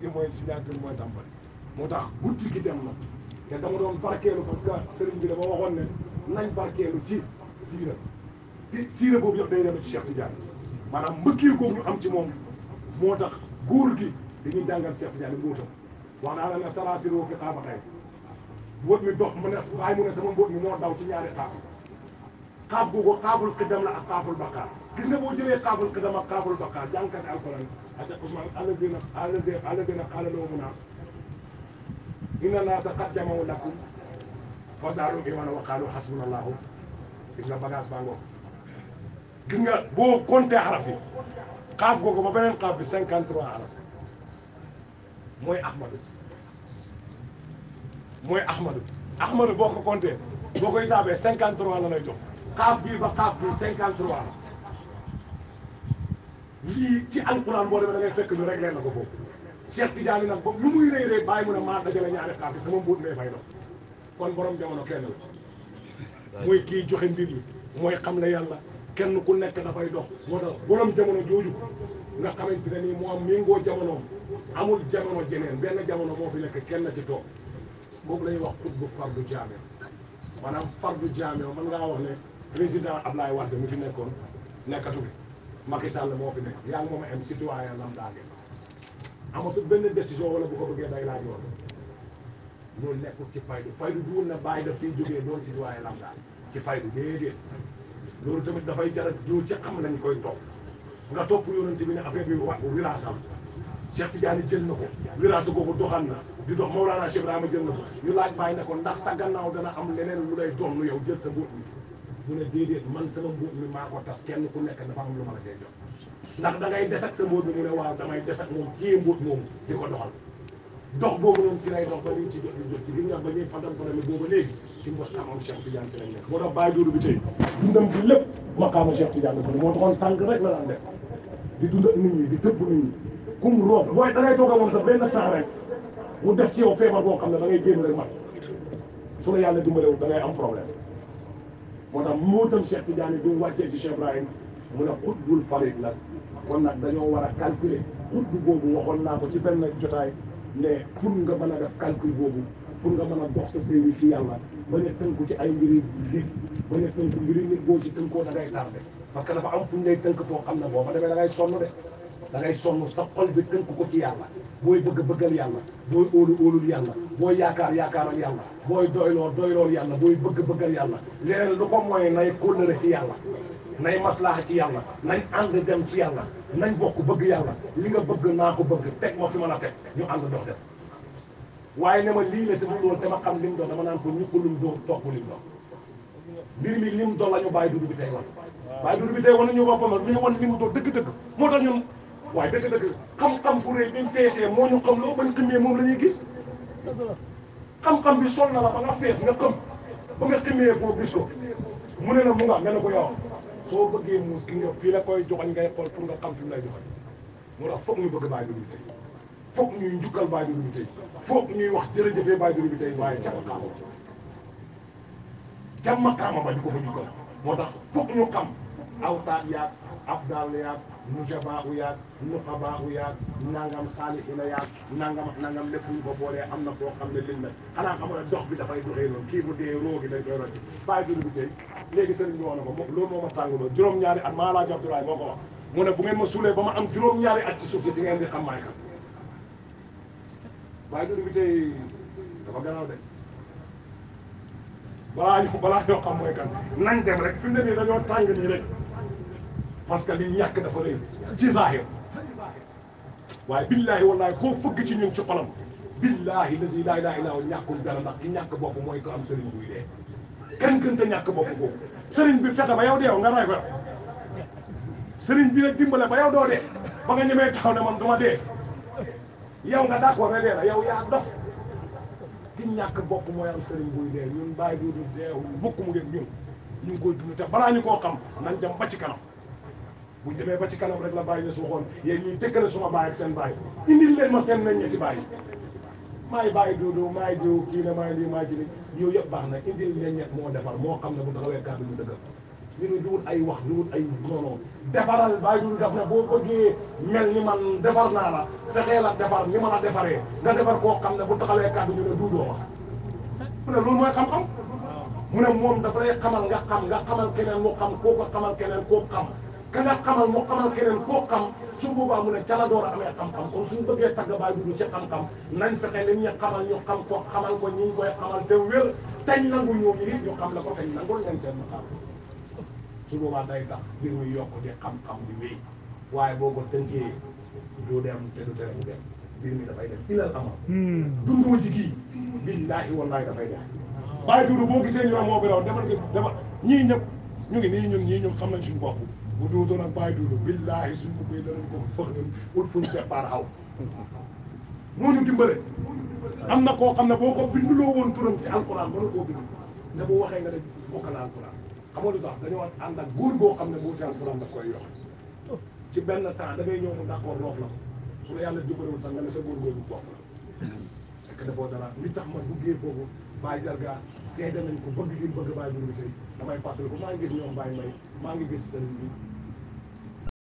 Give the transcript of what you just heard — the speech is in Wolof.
gi mooy signature mooy tàmbali moo tax guddi gi dem na te dama doon barkeelu parce que sëriñ bi dafa waxoon ne nañ barkeelu ci si te siira boobu yëpp day dellu ci Cheikh Tidiane maanaam mbëkkee googu ñu am ci moom moo tax góor gi dañuy jàngal Cheikh Tidiane mbóotam wax naa la ne salaasiroo fi xaaba xëy mbóot mi dox mu ne waaye mu ne sama mbóot mi moo daw ci ñaari xaaba xaaf googu xaaful xidam la ak xaaful bakkaar gis nga boo jëlee xaaful xidam ak xaaful bakkaar jàngkati alquran ak Ousmane allazina allazina qaala lahum naas inna naasa qad jamaw lakum fasaarum imana wa qaalu hasbunallahu gis nga bagage baa ngoog gis nga boo compté xaraf yi ahmadu mooy ahmadu ahmadu boo ko compté boo koy saabee cinquante lay jo xaaf bii ba xaaf bii cinquante trois lii ci alquran boo demee da fekk ñu réglé na ko boobu Cheikh Tidiane nag boobu lu muy rëy rëy bàyyi mu ne maa dajale ñaari xaaf bi sama mbuut mee fay dox kon borom jamono kenn la mooy kii joxe mbir mooy xam la yàlla kenn ku nekk dafay dox moo tax borom jamono jooju nga xamante ne nii moo am méngoo jamonoom amul jamono jeneen benn jamono moo fi nekk kenn ci toog boobu la wax xutbu fardu jaame maanaam fardu jaame président Ablaye Wade mi fi nekkoon nekkatu bi i Sall moo fi nekk yaa ngi moom a am citoyen lambda ngeen amatul benn décision wala bu ko bëggee day laaj yoon loolu nekkul ci faydu faydu duwul na bàyyi daf fiy jógee doon citoyen lambda ci faydu déedéet loolu tamit dafay jar a jiw ci xam nañ koy topp nga topp yonente bi ne affaire bi wa wiraasam Cheikh Tidiane jël na ko wiraasa googu doxan na di dox Mawlana Cheikh ma jël na ko ñu laaj bàyyi ne ndax sa gannaaw dana am leneen lu lay yow jël sa mbóot mi bu ne déedéet man sama mbóot mi maa ko tas kenn ku nekk dafa am lu ma la see jox ndax da ngay des ak sa mbóot mi mu ne waaw damay des ak moom kii mbóot moomu di ko doxal dox boobu noonu ba ñu ci jot ñu jot ci li nga ba ñuy fadam fadami booba léegi moo tax bàyyi jooru bi di dund ak nit ñi di da ngay toog ak moom sax benn tax rek mu def ci yow feebar boo xam ne da ngay rek mat su la yàlla dimbalewul da ngay am problème kon moo tax mootam Cheikh Tidiane bi mu wàccee ci Cheikh Ibrahim mu ne xutbul farid la kon nag dañoo war a calculer xutbu boobu waxoon naa ko ci benn jotaay ne pour nga mën a def calcul boobu pour nga mën a dox sa séeréer ci yàlla ba ne tënku ci ay mbiri nit ba ne tënku mbiri nit boo ci tënkoo da ngay tardé parce que dafa am fu ñu lay tënk foo xam ne boo fa demee da ngay sonn de. da ngay sa xol bi tënk ko ci yàlla booy bëgg bëggal yàlla booy óolu óolul yàlla booy yaakaar yaakaaral yàlla booy doyloo doyloo yàlla booy bëgg bëggal yàlla leneen lu ko mooy nay kóllëre ci yàlla nay maslaaxa ci yàlla nañ ànd dem ci yàlla nañ bokk bëgg yàlla li nga bëgg naa ko bëgg teg ma fi mën a teg ñu ànd dox dem waaye ne ma lii la te mu doon dama xam lim doon dama naan ko ñëpp lum doon topp lim doon mbir mi lim doon la ñu bàyyi dund bi tey wan bàyyi dund bi tey waaye dëgg-dëgg xam-xam bu rëy bi mu feesee moo ñu xam loo bañ ximmee moom la ñuy gis xam-xam bi sol na la ba nga fees nga xam ba nga ximmee boo gis ko mu ne la mu nga mel ne ko yow soo bëggee muus ki nga fii la koy joxoñ ngay xool pour nga xam fi mu lay joxoñ moo tax foog ñu bëgg bàyyi bi tey foog ñuy njukkal ñuy wax jërëjëfee bàyyi bi waaye ca maqaama ca maqaama ba ko moo tax foog ñu xam awtaat yaag afdal yaag nujabaa u yaag nuqabaa u yaag nangam saalihina yaag nangam ak nangam lépp ñu ko am na koo xam ne liñ la xanaa xam nga dox bi dafay doxee noonu kii bu dee roogi dañ koy rotti bàyyi dund bi léegi sëriñ bi wax na ko moom loolu moo ma juróom-ñaari at maa laaj Abdoulaye moo ko wax ne bu ngeen ma suulee ba ma am juróom-ñaari at ci suuf di ngeen di xam maay kan bàyyi dund bi dafa gannaaw de ñoo tàng nii rek parce que li ñàkk dafa rëy ci zaahir waaye billaahi wallaahi koo fëgg ci ñun ci xolam billaahi lazi laa ilaaha illaa ñàkkul dara ndax ki ñàkk mooy ko am sëriñ buy dee kenn gën te ñàkk bopp sëriñ bi fexe ba yow deew nga ray ko sëriñ bi la dimbale ba yow doo dee ba nga ñemee taxaw ne man duma dee yow nga d'accord ne dee la yow yaa dof ki ñàkk bopp mooy am sëriñ buy dee ñun bàyyi duudu deewul mukk mu dem ñun ñu ngi koy dund balaa ñu koo xam nañ dem ba ci kanam bu demee ba ci kanam rek la bàyyi ne su waxoon yéen ñuy dëkkale suma bàyyi ak seen bàyyi indil leen ma seen meññeeti bàyyi maay bàyyi duudu maay diw kii na maay lii maay jili yow yëpp baax na indil meññeet moo defar moo xam ne bu taxawee kàddu lu dëgg ñu ne duwut ay wax duwut ay noonu defaral bàyyi duudu daf ne boo ko bëggee mel ni man defar naa la fexee la defar ni ma la defaree nga defar koo xam ne bu taxawee kàddu ñu ne duudoo wax mu ne loolu mooy xam-xam mu ne moom dafa lay xamal nga xam nga xamal keneen mu xam koo ko xamal keneen koo xam ka nga xamal moo xamal keneen koo xam su boobaa mu a ca la door a amee xam-xam kon suñu bëggee tagg Baay Dudu ci xam-xam nañ fexe li ñu xamal ñu xam ko xamal ko ñi ñu koy xamal te a tañ nangu ñooñu nit ñu xam la ko tañ nangul leen seen maqaam su boobaa day tax mbir muy yokk di xam-xam bi wéy waaye boo ko tënkee du dem te du tere bu dem mbir mi dafay def ilal amal hmm. dundoo ci kii billaahi wallaahi dafay def Baay Dudu boo gisee ñu am moo bi raw defal nga ñu ngi nii ñun ñii ñun xam nañ suñu bopp bu duutoon ak bàyyi duudu billaahi suñ ko koy danañ ko fëx ñun ut fuñ départ aw moo ñu dimbale am na koo xam ne boo ko loo woon turam ci alquran mën na koo bind ne bu waxee nga ne bokkal alquran xamoo lu tax dañoo ànd ak góor boo xam ne boo ci alquran daf koy yox ci benn temps da ngay ñëw mu d'accord loof la ko su la yàlla jubalewul sax nga ne sa góor góor bu bokk la fekk defoo dara li tax man bu géer boobu bàyyi ga seede nañ ko bëgg gi bëgg bàyyi bu tey damay fàttali ko maa ngi gis ñoom bàyyi maa ngi gis sëriñ bi